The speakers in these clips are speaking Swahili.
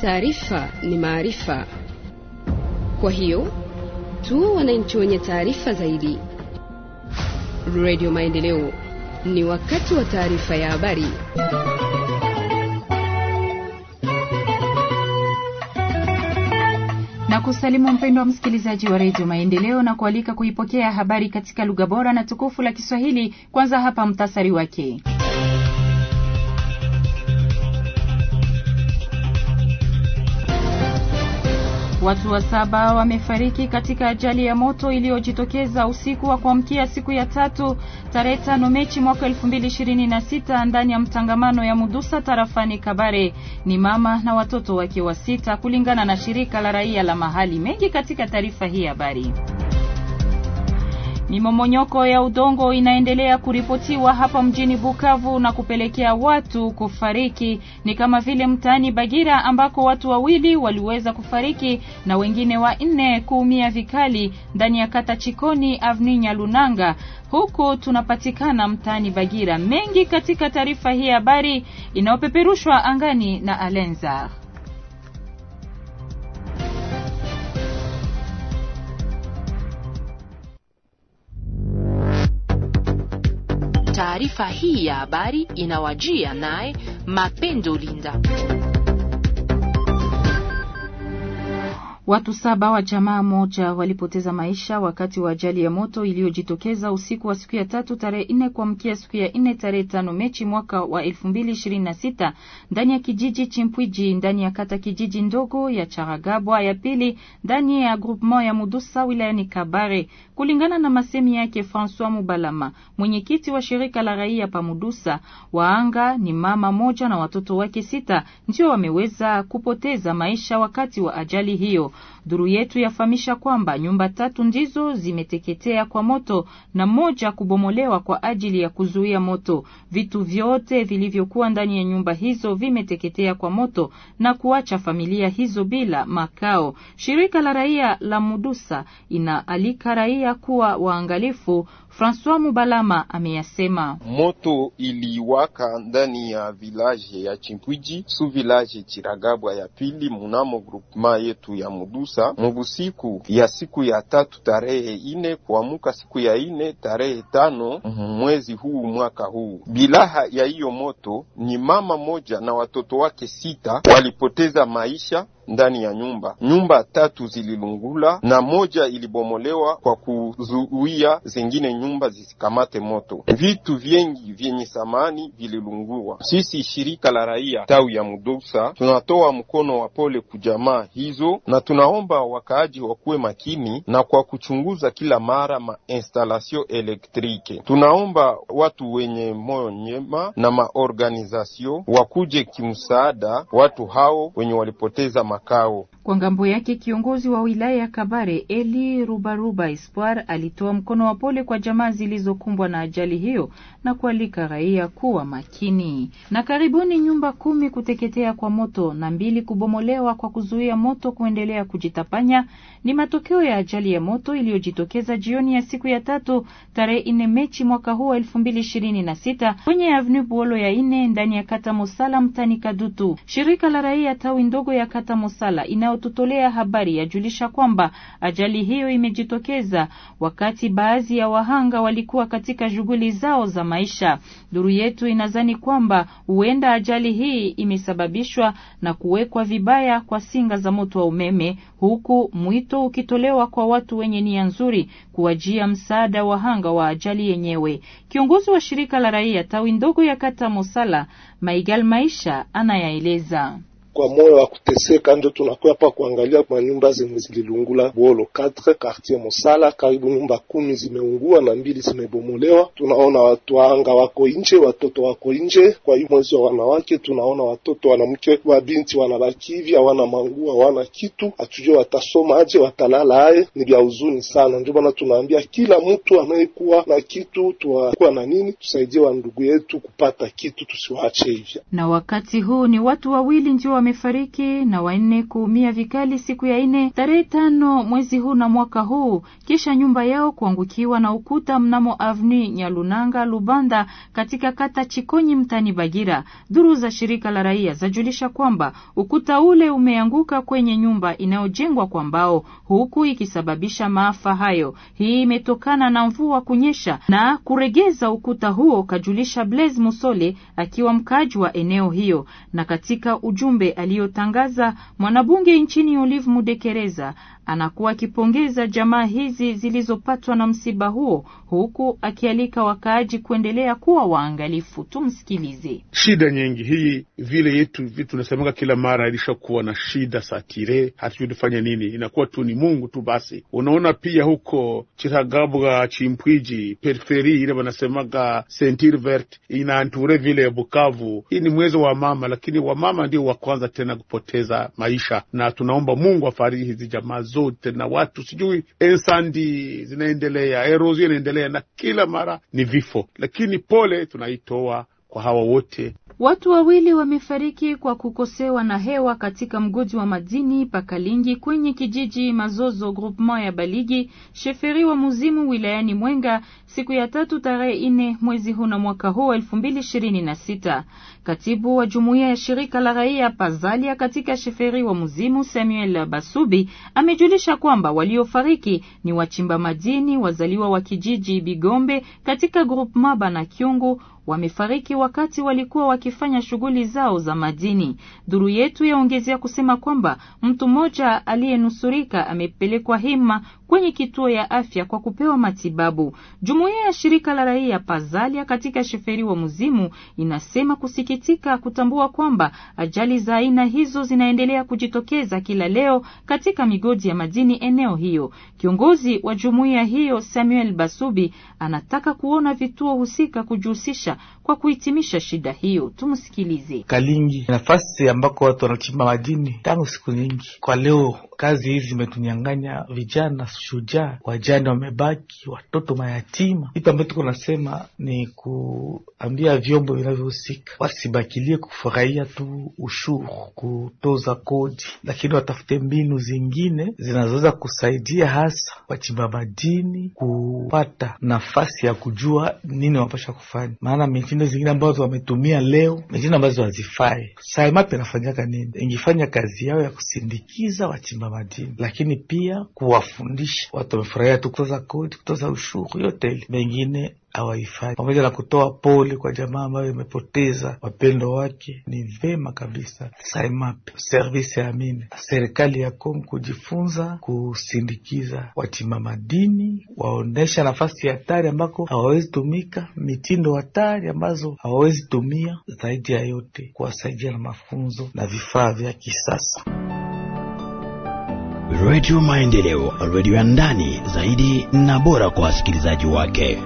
Taarifa ni maarifa, kwa hiyo tu wananchi wenye taarifa zaidi. Radio Maendeleo, ni wakati wa taarifa ya habari. na kusalimu mpendo wa msikilizaji wa redio Maendeleo na kualika kuipokea habari katika lugha bora na tukufu la Kiswahili. Kwanza hapa mtasari wake. Watu wa saba wamefariki katika ajali ya moto iliyojitokeza usiku wa kuamkia siku ya tatu tarehe 5 Mechi mwaka sita ndani ya mtangamano ya Mudusa tarafani Kabare. Ni mama na watoto wake wa sita kulingana na shirika la raia la mahali. Mengi katika taarifa hii habari. Mimomonyoko ya udongo inaendelea kuripotiwa hapa mjini Bukavu na kupelekea watu kufariki, ni kama vile mtaani Bagira ambako watu wawili waliweza kufariki na wengine wanne kuumia vikali ndani ya kata Chikoni avninya lunanga huku tunapatikana mtaani Bagira. Mengi katika taarifa hii habari inayopeperushwa angani na Alenza. Taarifa hii ya habari inawajia naye Mapendo Linda. Watu saba wa jamaa moja walipoteza maisha wakati wa ajali ya moto iliyojitokeza usiku wa siku ya tatu tarehe nne kuamkia siku ya nne tarehe tano Mechi mwaka wa elfu mbili ishirini na sita ndani ya kijiji Chimpwiji ndani ya kata kijiji ndogo ya Charagabwa ya pili ndani ya groupement ya Mudusa wilayani Kabare, kulingana na masemi yake Francois Mubalama, mwenyekiti wa shirika la raia Pamudusa. Waanga ni mama moja na watoto wake sita ndio wameweza kupoteza maisha wakati wa ajali hiyo. Gracias. Duru yetu yafahamisha kwamba nyumba tatu ndizo zimeteketea kwa moto na moja kubomolewa kwa ajili ya kuzuia moto. Vitu vyote vilivyokuwa ndani ya nyumba hizo vimeteketea kwa moto na kuacha familia hizo bila makao. Shirika la raia la Mudusa inaalika raia kuwa waangalifu. Francois Mubalama ameyasema. Moto iliwaka ndani ya vilaje ya Chimpwiji, su vilaje Chiragabwa ya pili, munamo grupema yetu ya Mudusa tisa mubusiku ya siku ya tatu tarehe ine kuamuka siku ya ine tarehe tano mhm. mwezi huu mwaka huu. Bilaha ya hiyo moto ni mama moja na watoto wake sita walipoteza maisha ndani ya nyumba. Nyumba tatu zililungula na moja ilibomolewa kwa kuzuia zingine nyumba zisikamate moto. Vitu vyengi vyenye samani vililungua. Sisi shirika la raia tawi ya Mudusa tunatoa mkono wa pole kujamaa hizo, na tunaomba wakaaji wakuwe makini na kwa kuchunguza kila mara mainstalasio elektrike. Tunaomba watu wenye moyo nyema na maorganizasio wakuje kimsaada watu hao wenye walipoteza makao. Kwa ngambo yake kiongozi wa wilaya ya Kabare Eli Rubaruba Espoir alitoa mkono wa pole kwa jamaa zilizokumbwa na ajali hiyo na kualika raia kuwa makini. Na karibuni nyumba kumi kuteketea kwa moto na mbili kubomolewa kwa kuzuia moto kuendelea kujitapanya ni matokeo ya ajali ya moto iliyojitokeza jioni ya siku ya tatu tarehe 4 Mechi mwaka huu sita kwenye Avenue Buolo ya ine ndani ya kata Mosala mtani Kadutu. Shirika la raia tawi ndogo ya kata Musala inayotutolea habari yajulisha kwamba ajali hiyo imejitokeza wakati baadhi ya wahanga walikuwa katika shughuli zao za maisha. Duru yetu inazani kwamba huenda ajali hii imesababishwa na kuwekwa vibaya kwa singa za moto wa umeme, huku mwito ukitolewa kwa watu wenye nia nzuri kuwajia msaada wahanga wa ajali yenyewe. Kiongozi wa shirika la raia tawi ndogo ya kata Musala Maigal Maisha anayaeleza kwa moyo wa kuteseka, ndio tunakuwa hapa kuangalia kwa nyumba zenye zililungula bolo 4 quartier Mosala, karibu nyumba kumi zimeungua na mbili zimebomolewa. Tunaona watu waanga wako nje, watoto wako nje. Kwa hiyo mwezi wa wanawake, tunaona watoto wanamke wa binti wanabaki hivi, hawana manguo, hawana kitu, hatujue watasoma aje, watalala aye. Ni vya huzuni sana. Ndio maana tunaambia kila mtu anayekuwa na kitu, tuwakuwa na nini, tusaidie wa ndugu yetu kupata kitu, tusiwaache hivyo. Na wakati huu ni watu wawili ndio wamefariki na wanne kuumia vikali siku ya nne tarehe tano mwezi huu na mwaka huu kisha nyumba yao kuangukiwa na ukuta mnamo avni Nyalunanga Lubanda katika kata Chikonyi mtani Bagira. Duru za shirika la raia zajulisha kwamba ukuta ule umeanguka kwenye nyumba inayojengwa kwa mbao huku ikisababisha maafa hayo. Hii imetokana na mvua kunyesha na kuregeza ukuta huo, kajulisha Blaise Musole akiwa mkaaji wa eneo hiyo. Na katika ujumbe aliyotangaza mwanabunge nchini Olive Mudekereza anakuwa akipongeza jamaa hizi zilizopatwa na msiba huo, huku akialika wakaaji kuendelea kuwa waangalifu. Tumsikilize. Shida nyingi hii vile yetu tunasemeka kila mara, ilishakuwa na shida satire, hatujui tufanye nini, inakuwa tu ni Mungu tu basi. Unaona pia huko Chiragabwa, Chimpwiji, periferi ile wanasemaga sentir vert inaanture vile ya Bukavu. Hii ni mwezi wa mama, lakini wamama ndio wa kwanza tena kupoteza maisha, na tunaomba Mungu afariji hizi jamaa zote zote na watu sijui ensandi zinaendelea, erosion inaendelea, na kila mara ni vifo, lakini pole tunaitoa kwa hawa wote Watu wawili wamefariki kwa kukosewa na hewa katika mgodi wa madini Pakalingi kwenye kijiji Mazozo groupement ya Baligi sheferi wa Muzimu wilayani Mwenga siku ya tatu tarehe nne mwezi huu na mwaka huu elfu mbili ishirini na sita. Katibu wa jumuiya ya shirika la raia Pazalia katika sheferi wa Muzimu Samuel Basubi amejulisha kwamba waliofariki ni wachimba madini wazaliwa wa kijiji Bigombe katika groupement Banakyungu wamefariki wakati walikuwa wakifanya shughuli zao za madini. Duru yetu yaongezea kusema kwamba mtu mmoja aliyenusurika amepelekwa Hima kwenye kituo ya afya kwa kupewa matibabu. Jumuiya ya shirika la raia Pazalia katika Sheferi wa Muzimu inasema kusikitika kutambua kwamba ajali za aina hizo zinaendelea kujitokeza kila leo katika migodi ya madini eneo hiyo. Kiongozi wa jumuiya hiyo Samuel Basubi anataka kuona vituo husika kujihusisha kwa kuhitimisha shida hiyo. Tumsikilize. Kalingi nafasi ambako watu wanachimba madini tangu siku nyingi, kwa leo kazi hizi zimetunyang'anya vijana shujaa, wajane wamebaki, watoto mayatima. Kitu ambacho tuko nasema ni kuambia vyombo vinavyohusika wasibakilie kufurahia tu ushuru, kutoza kodi, lakini watafute mbinu zingine zinazoweza kusaidia hasa wachimba madini kupata nafasi ya kujua nini wanapasha kufanya, maana mitindo zingine ambazo wametumia leo, mitindo ambazo hazifai. saimape inafanyaka nini? ingefanya kazi yao ya kusindikiza wachimba madini, lakini pia kuwafundisha watu. Wamefurahia tu kutoza kodi, kutoza ushuru, yote ile mengine hawaifai pamoja na kutoa pole kwa jamaa ambayo imepoteza wapendo wake. Ni vema kabisa SAIMAP service ya amine serikali ya Kongo kujifunza kusindikiza watima madini, waonesha nafasi ya hatari ambako hawawezi tumika, mitindo hatari ambazo hawawezi tumia, zaidi ya yote kuwasaidia na mafunzo na vifaa vya kisasa. Redio Maendeleo, redio ya ndani zaidi na bora kwa wasikilizaji wake.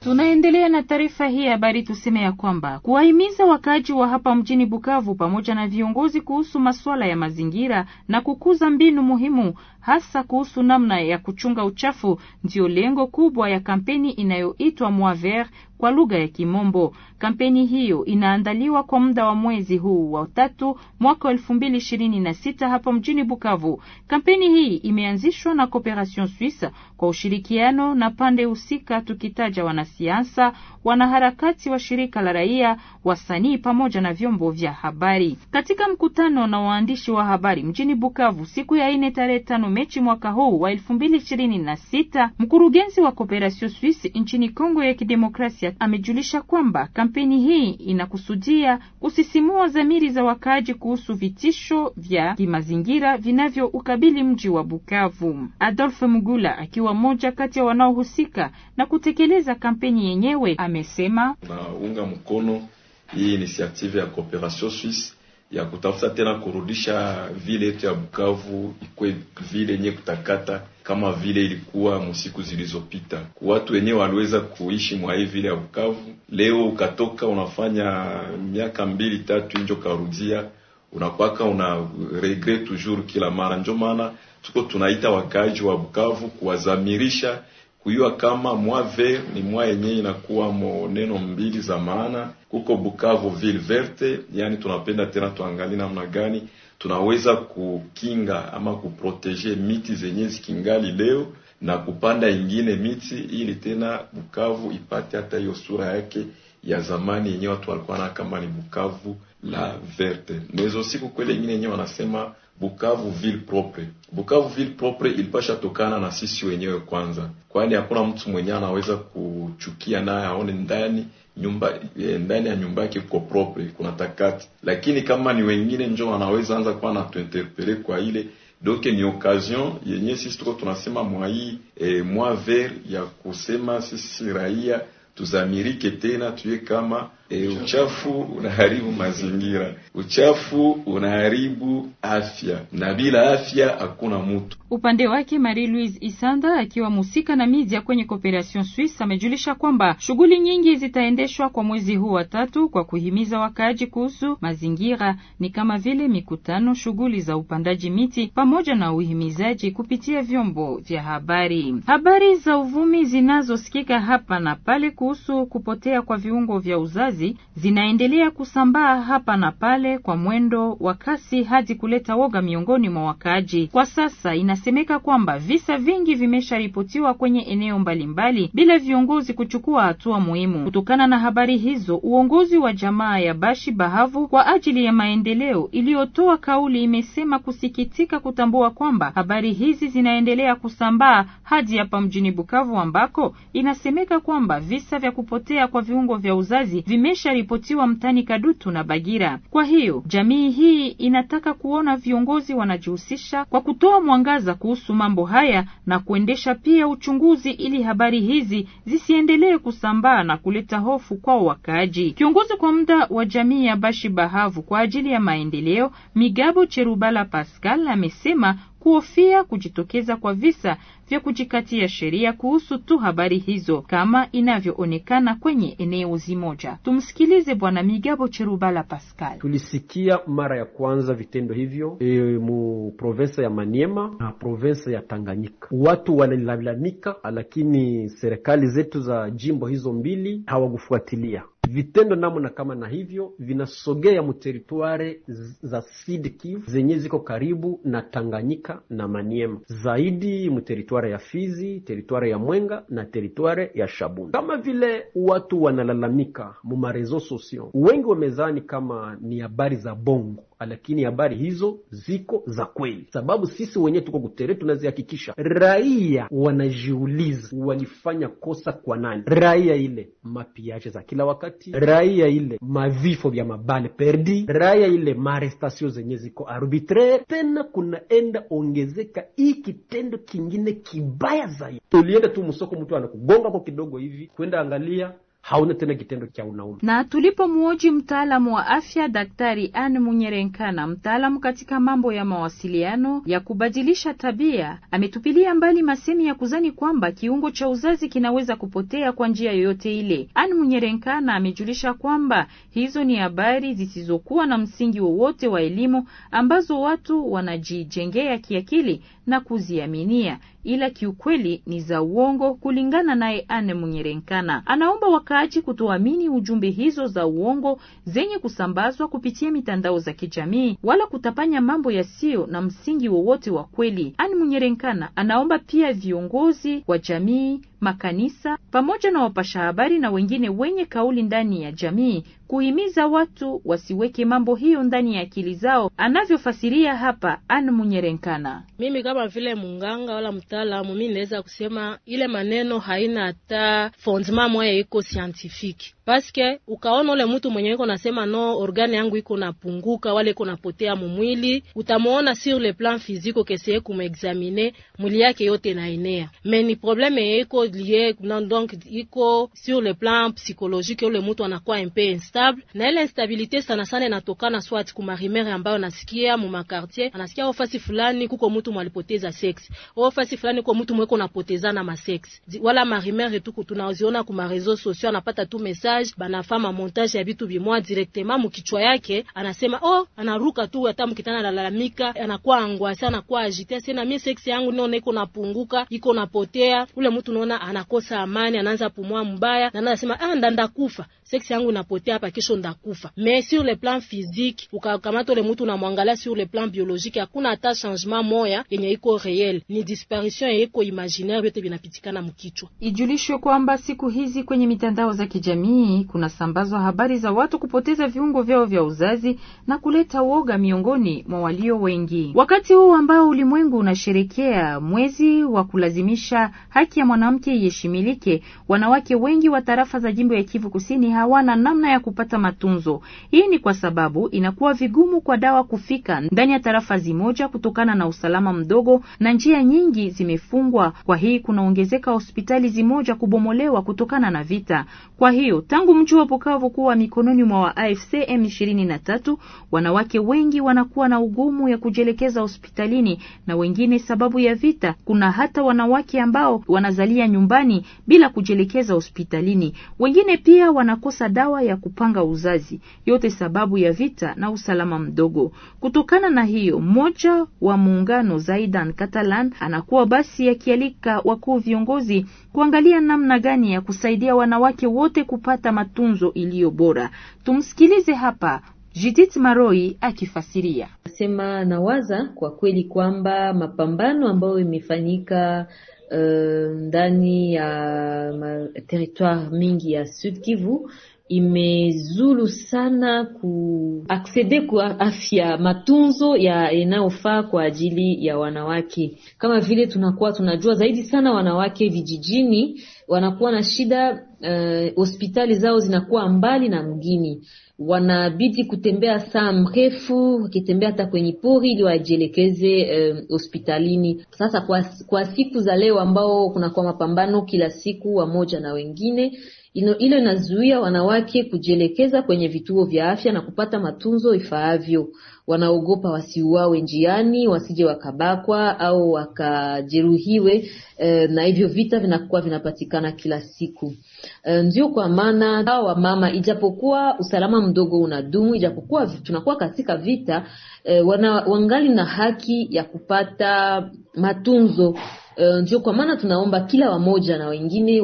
Tunaendelea na taarifa hii habari. Tuseme ya kwamba kuwahimiza wakaaji wa hapa mjini Bukavu pamoja na viongozi kuhusu masuala ya mazingira na kukuza mbinu muhimu hasa kuhusu namna ya kuchunga uchafu ndio lengo kubwa ya kampeni inayoitwa Mois Vert kwa lugha ya Kimombo. Kampeni hiyo inaandaliwa kwa muda wa mwezi huu wa tatu mwaka wa sita hapa mjini Bukavu. Kampeni hii imeanzishwa na Cooperation Suisse kwa ushirikiano na pande husika, tukitaja wanasiasa wanaharakati wa shirika la raia, wasanii pamoja na vyombo vya habari. Katika mkutano na waandishi wa habari mjini Bukavu siku ya ine tarehe tano Mechi mwaka huu wa elfu mbili ishirini na sita, mkurugenzi wa Cooperation Suisse nchini Kongo ya Kidemokrasia amejulisha kwamba kampeni hii inakusudia kusisimua dhamiri za wakaaji kuhusu vitisho vya kimazingira vinavyoukabili mji wa Bukavu. Adolphe Mugula akiwa mmoja kati ya wanaohusika na kutekeleza kampeni yenyewe ame amesema naunga mkono hii inisiative ya Cooperation Suisse ya kutafuta tena kurudisha vile yetu ya Bukavu ikwe vile yenye kutakata kama vile ilikuwa musiku zilizopita. Watu wenyewe waliweza kuishi mwa hii vile ya Bukavu, leo ukatoka unafanya miaka mbili tatu injo karudia, unakwaka una regret toujours kila mara. Njo maana tuko tunaita wakaaji wa Bukavu kuwazamirisha kuyua kama mwa ver ni mwa yenye inakuwa mo neno mbili za maana. Kuko Bukavu ville verte, yani tunapenda tena tuangali namna gani tunaweza kukinga ama kuproteje miti zenye zikingali leo na kupanda ingine miti ili tena Bukavu ipate hata hiyo sura yake ya zamani yenye watu walikuwa na kama ni Bukavu la verte. mezo siku kweli ingine yenye wanasema Bukavu ville propre. Bukavu ville propre ilipasha tokana na sisi wenyewe kwanza, kwani hakuna mtu mwenyewe anaweza kuchukia naye aone ndani nyumba eh, ndani ya nyumba yake kwa propre, kuna takati. Lakini kama ni wengine njo wanaweza anza kuwa natuinterpele kwa ile donc ni occasion yenye sisi tuko tunasema mwai e, mwa eh, ver ya kusema sisi raia tuzamirike tena tuye kama E, uchafu unaharibu mazingira, uchafu unaharibu afya, na bila afya hakuna mtu. Upande wake Marie Louise Isanda akiwa musika na media kwenye Cooperation Suisse amejulisha kwamba shughuli nyingi zitaendeshwa kwa mwezi huu wa tatu kwa kuhimiza wakaaji kuhusu mazingira, ni kama vile mikutano, shughuli za upandaji miti pamoja na uhimizaji kupitia vyombo vya habari. Habari za uvumi zinazosikika hapa na pale kuhusu kupotea kwa viungo vya uzazi kazi zinaendelea kusambaa hapa na pale kwa mwendo wa kasi hadi kuleta woga miongoni mwa wakaaji. Kwa sasa inasemeka kwamba visa vingi vimesharipotiwa kwenye eneo mbalimbali bila viongozi kuchukua hatua muhimu. Kutokana na habari hizo, uongozi wa jamaa ya Bashi Bahavu kwa ajili ya maendeleo iliyotoa kauli imesema kusikitika kutambua kwamba habari hizi zinaendelea kusambaa hadi hapa mjini Bukavu ambako inasemeka kwamba visa vya kupotea kwa viungo vya uzazi vime imesharipotiwa mtani Kadutu na Bagira. Kwa hiyo jamii hii inataka kuona viongozi wanajihusisha kwa kutoa mwangaza kuhusu mambo haya na kuendesha pia uchunguzi ili habari hizi zisiendelee kusambaa na kuleta hofu kwa wakaaji. Kiongozi kwa muda wa jamii ya Bashi Bahavu kwa ajili ya maendeleo, Migabo Cherubala Pascal amesema kuhofia kujitokeza kwa visa vya kujikatia sheria kuhusu tu habari hizo kama inavyoonekana kwenye eneo zimoja. Tumsikilize Bwana Migabo Cherubala Pascal. Tulisikia mara ya kwanza vitendo hivyo e, mu provensa ya Maniema na provensa ya Tanganyika, watu walilalamika, lakini serikali zetu za jimbo hizo mbili hawakufuatilia vitendo namna kama na hivyo vinasogea muteritware za Sud Kivu zenye ziko karibu na Tanganyika na Maniema, zaidi muteritware teritware ya Fizi, teritware ya Mwenga na teritware ya Shabunda. Kama vile watu wanalalamika mu marezo sosio, wengi wamezani kama ni habari za bongo lakini habari hizo ziko za kweli, sababu sisi wenyewe tuko kutere tunazihakikisha. Raia wanajiuliza walifanya kosa kwa nani? Raia ile mapiaje za kila wakati, raia ile mavifo vya mabale perdi, raia ile maarestasio zenye ziko arbitraire. Tena kunaenda ongezeka hii kitendo kingine kibaya zaidi. Tulienda tu msoko, mtu anakugonga kwa kidogo hivi, kwenda angalia hauna tena kitendo cha unaume. Na tulipomwoji mtaalamu wa afya Daktari Anne Munyerenkana, mtaalamu katika mambo ya mawasiliano ya kubadilisha tabia, ametupilia mbali masemi ya kuzani kwamba kiungo cha uzazi kinaweza kupotea kwa njia yoyote ile. Anne Munyerenkana amejulisha kwamba hizo ni habari zisizokuwa na msingi wowote wa elimu ambazo watu wanajijengea kiakili na kuziaminia, ila kiukweli ni za uongo, kulingana naye Anne Munyerenkana. Anaomba wakaaji kutoamini ujumbe hizo za uongo zenye kusambazwa kupitia mitandao za kijamii wala kutapanya mambo yasiyo na msingi wowote wa kweli. Anne Munyerenkana anaomba pia viongozi wa jamii makanisa pamoja na wapasha habari na wengine wenye kauli ndani ya jamii kuhimiza watu wasiweke mambo hiyo ndani ya akili zao, anavyofasiria hapa An Munyerenkana. Mimi kama vile munganga wala mtaalamu, mi naweza kusema ile maneno haina hata fondement moya iko scientifique paske ukaona ule mtu mwenye iko nasema no, organe yangu iko napunguka, wale iko napotea mumwili, utamuona sur le plan physique kesie kumexamine mwili yake yote naenea, me ni probleme yeiko lie donc iko sur le plan psychologique, ule mtu anakuwa un peu instable, na ile instabilite sana sana inatokana swati kumarimere ambayo nasikia mumakartier, anasikia ofasi oh, fulani kuko mtu mwalipoteza sex, ofasi oh, fulani kuko mtu mweko napotezana masex, wala marimere tu tunaziona kumarezo sosio, anapata tu message montage, banafama montage ya vitu vimwa directement mukichwa yake, anasema oh, anaruka tu, hata mkitana lalamika, anakuwa angwa sana, anakuwa ajitia sana, mimi sex yangu nione iko napunguka, iko napotea. Ule mtu unaona anakosa amani, anaanza pumua mbaya, na anasema ah, ndandakufa sex yangu napotea hapa, kesho ndakufa. Mais sur le plan physique, ukakamata ule mtu unamwangalia sur le plan biologique, hakuna hata changement moya yenye iko real, ni disparition yenye iko imaginaire, yote vinapitikana mkichwa. Ijulishwe kwamba siku hizi kwenye mitandao za kijamii jamii kunasambazwa habari za watu kupoteza viungo vyao vya uzazi na kuleta woga miongoni mwa walio wengi. Wakati huu ambao ulimwengu unasherekea mwezi wa kulazimisha haki ya mwanamke iheshimilike, wanawake wengi wa tarafa za jimbo ya Kivu Kusini hawana namna ya kupata matunzo. Hii ni kwa sababu inakuwa vigumu kwa dawa kufika ndani ya tarafa zimoja kutokana na usalama mdogo na njia nyingi zimefungwa. Kwa hii kunaongezeka hospitali zimoja kubomolewa kutokana na vita. Kwa hiyo tangu mji wa Bukavu kuwa mikononi mwa wa AFC M23, wanawake wengi wanakuwa na ugumu ya kujielekeza hospitalini na wengine sababu ya vita. Kuna hata wanawake ambao wanazalia nyumbani bila kujielekeza hospitalini, wengine pia wanakosa dawa ya kupanga uzazi, yote sababu ya vita na usalama mdogo. Kutokana na hiyo, mmoja wa muungano Zaidan Catalan anakuwa basi akialika wakuu viongozi kuangalia namna gani ya kusaidia wanawake wote kupata kupata matunzo iliyo bora. Tumsikilize hapa Judith Maroi akifasiria. Nasema nawaza kwa kweli kwamba mapambano ambayo imefanyika uh, ndani ya territoire mingi ya Sud Kivu imezulu sana accede kwa afya matunzo ya inayofaa kwa ajili ya wanawake. Kama vile tunakuwa tunajua zaidi sana wanawake vijijini wanakuwa na shida Eh, hospitali zao zinakuwa mbali na mgini, wanabidi kutembea saa mrefu, wakitembea hata kwenye pori ili wajielekeze eh, hospitalini. sasa kwa, kwa siku za leo ambao kunakuwa mapambano kila siku wamoja na wengine hilo inazuia wanawake kujielekeza kwenye vituo vya afya na kupata matunzo ifaavyo. Wanaogopa wasiuawe njiani, wasije wakabakwa au wakajeruhiwe, eh, na hivyo vita vinakuwa vinapatikana kila siku. Eh, ndio kwa maana wa wamama, ijapokuwa usalama mdogo unadumu, ijapokuwa tunakuwa katika vita e, wana, wangali na haki ya kupata matunzo e, ndio kwa maana tunaomba kila wamoja na wengine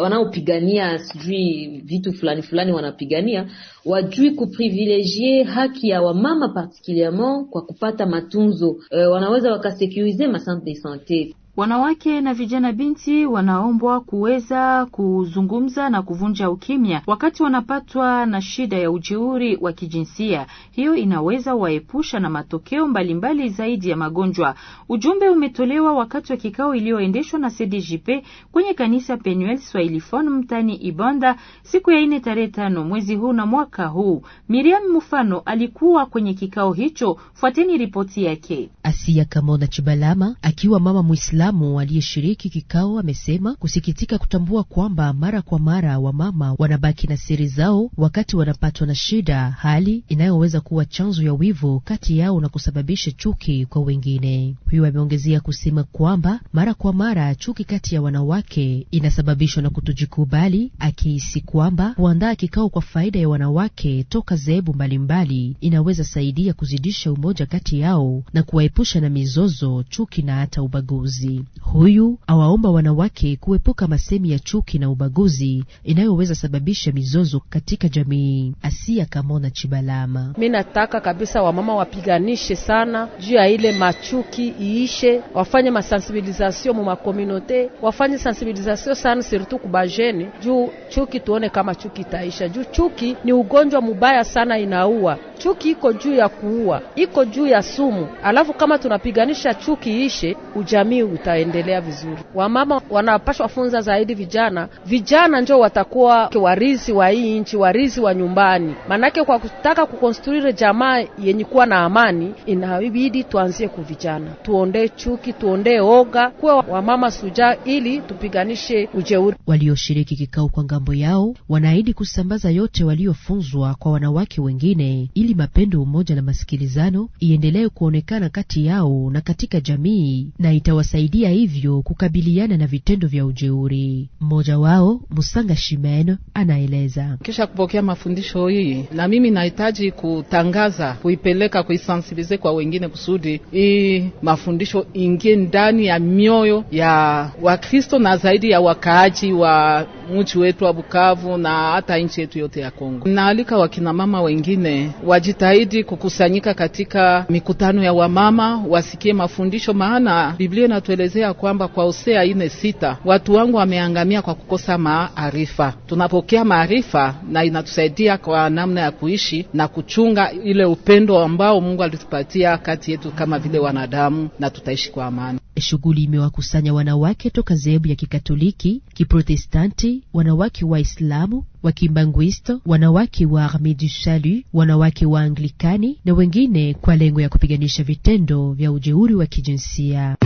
wanaopigania sijui vitu fulani fulani wanapigania wajui kuprivilegie haki ya wamama particulierement kwa kupata matunzo e, wanaweza wakasecurize masante de sante Wanawake na vijana binti wanaombwa kuweza kuzungumza na kuvunja ukimya wakati wanapatwa na shida ya ujeuri wa kijinsia. Hiyo inaweza waepusha na matokeo mbalimbali mbali zaidi ya magonjwa. Ujumbe umetolewa wakati wa kikao iliyoendeshwa na CDJP kwenye kanisa Penuel Swahilifon mtani Ibonda siku ya ine tarehe tano mwezi huu na mwaka huu. Miriam Mufano alikuwa kwenye kikao hicho. Fuateni ripoti yake. Asia Kamona Chibalama akiwa mama Muislamu Mtaalamu aliyeshiriki kikao amesema kusikitika kutambua kwamba mara kwa mara wamama wanabaki na siri zao wakati wanapatwa na shida, hali inayoweza kuwa chanzo ya wivu kati yao na kusababisha chuki kwa wengine. Huyu ameongezea kusema kwamba mara kwa mara chuki kati ya wanawake inasababishwa na kutojikubali, akihisi kwamba kuandaa kikao kwa faida ya wanawake toka zehebu mbalimbali inaweza saidia kuzidisha umoja kati yao na kuwaepusha na mizozo, chuki na hata ubaguzi. Huyu awaomba wanawake kuepuka masemi ya chuki na ubaguzi inayoweza sababisha mizozo katika jamii. Asia Kamona Chibalama: mi nataka kabisa wamama wapiganishe sana juu ya ile machuki iishe, wafanye masensibilizasio mu makominote, wafanye sensibilizasio sana sirtu kubajeni juu chuki, tuone kama chuki itaisha, juu chuki ni ugonjwa mubaya sana, inaua. Chuki iko juu ya kuua, iko juu ya sumu, alafu kama tunapiganisha chuki iishe, ujamii itaendelea vizuri. Wamama wanapashwa funza zaidi vijana, vijana njo watakuwa warizi wa hii nchi, warizi wa nyumbani, manake kwa kutaka kukonstruire jamaa yenye kuwa na amani inabidi tuanzie kuvijana, tuondee chuki, tuondee oga, kuwa wamama sujaa ili tupiganishe ujeuri. Walioshiriki kikao kwa ngambo yao wanaahidi kusambaza yote waliofunzwa kwa wanawake wengine ili mapendo, umoja na masikilizano iendelee kuonekana kati yao na katika jamii na itawasaidia kusaidia hivyo kukabiliana na vitendo vya ujeuri. Mmoja wao Musanga Shimen anaeleza. Kisha kupokea mafundisho hii, na mimi nahitaji kutangaza, kuipeleka, kuisansibilize kwa wengine kusudi hii mafundisho ingie ndani ya mioyo ya Wakristo na zaidi ya wakaaji wa mji wetu wa Bukavu na hata nchi yetu yote ya Kongo. Naalika wakinamama wengine wajitahidi kukusanyika katika mikutano ya wamama, wasikie mafundisho, maana Biblia inatuele kuelezea kwamba kwa Hosea ine sita watu wangu wameangamia kwa kukosa maarifa. Tunapokea maarifa na inatusaidia kwa namna ya kuishi na kuchunga ile upendo ambao Mungu alitupatia kati yetu kama vile wanadamu, na tutaishi kwa amani. Shughuli imewakusanya wanawake toka zehebu ya Kikatoliki, Kiprotestanti, wanawake Waislamu, Kimbanguisto, wanawake wa armi du Salut, wanawake wa Anglikani na wengine kwa lengo ya kupiganisha vitendo vya ujeuri wa kijinsia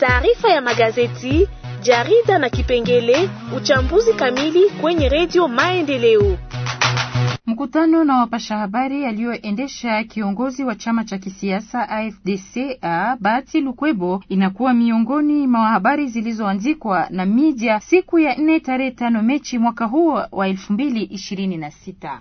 taarifa ya magazeti, jarida na kipengele uchambuzi kamili kwenye redio Maendeleo. Mkutano na wapasha habari aliyoendesha kiongozi wa chama cha kisiasa AFDCA Bahati Lukwebo inakuwa miongoni mwa habari zilizoandikwa na media siku ya nne tarehe tano Mechi mwaka huu wa elfu mbili ishirini na sita.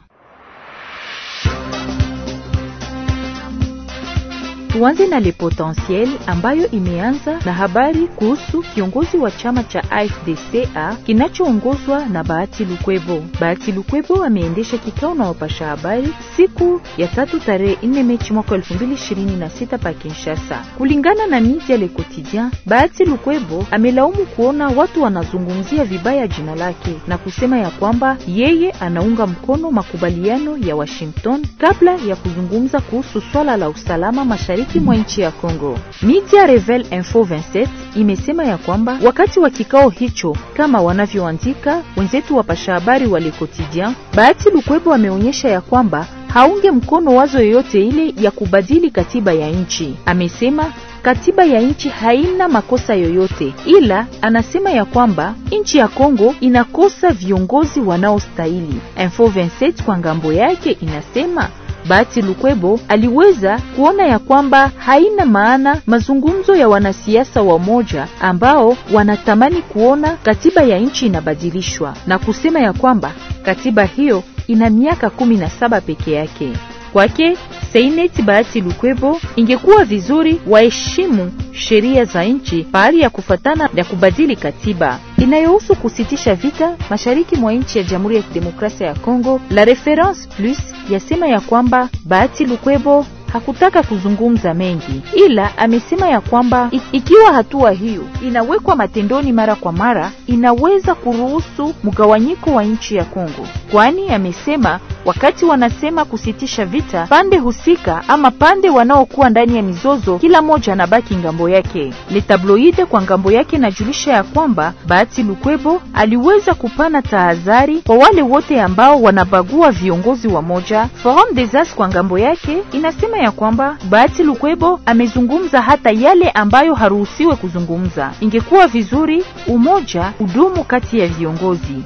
Tuanze na Le Potentiel ambayo imeanza na habari kuhusu kiongozi wa chama cha AFDCA kinachoongozwa na Bahati Lukwebo. Bahati Lukwebo ameendesha kikao na wapasha habari siku ya tatu tarehe 4 Mechi mwaka sita pa Kinshasa. Kulingana na media Le Quotidien, Bahati Lukwebo amelaumu kuona watu wanazungumzia vibaya jina lake na kusema ya kwamba yeye anaunga mkono makubaliano ya Washington kabla ya kuzungumza kuhusu swala la usalama mashariki mashariki mwa nchi ya Kongo. Media Revel Info 27 imesema ya kwamba wakati wa kikao hicho, kama wanavyoandika wenzetu pasha habari wa Le Quotidien, Bahati Lukwebo ameonyesha ya kwamba haunge mkono wazo yoyote ile ya kubadili katiba ya nchi. Amesema katiba ya nchi haina makosa yoyote, ila anasema ya kwamba nchi ya Kongo inakosa viongozi wanaostahili. Info 27 kwa ngambo yake inasema Bahati Lukwebo aliweza kuona ya kwamba haina maana mazungumzo ya wanasiasa wamoja ambao wanatamani kuona katiba ya nchi inabadilishwa na kusema ya kwamba katiba hiyo ina miaka 17 peke yake. Kwake Seinet Bahati Lukwebo, ingekuwa vizuri waheshimu sheria za nchi pahali ya kufatana ya kubadili katiba inayohusu kusitisha vita mashariki mwa nchi ya Jamhuri ya Kidemokrasia ya Kongo. La Reference Plus yasema ya kwamba Bahati Lukwebo hakutaka kuzungumza mengi, ila amesema ya kwamba ikiwa hatua hiyo inawekwa matendoni mara kwa mara, inaweza kuruhusu mgawanyiko wa nchi ya Kongo, kwani amesema Wakati wanasema kusitisha vita, pande husika ama pande wanaokuwa ndani ya mizozo, kila moja anabaki ngambo yake. Le Tabloide kwa ngambo yake julisha ya kwamba Bahati Lukwebo aliweza kupana tahadhari kwa wale wote ambao wanabagua viongozi wa moja. Forum des As kwa ngambo yake inasema ya kwamba Bahati Lukwebo amezungumza hata yale ambayo haruhusiwe kuzungumza. Ingekuwa vizuri umoja udumu kati ya viongozi.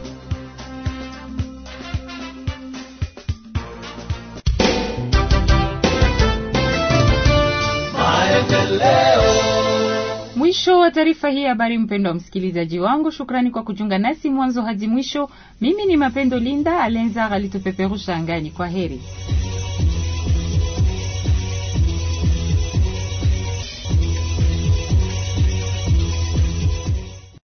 mwisho wa taarifa hii habari, mpendo wa msikilizaji wangu, shukrani kwa kujunga nasi mwanzo hadi mwisho. Mimi ni Mapendo Linda Alenzar alitupeperusha angani. Kwa heri.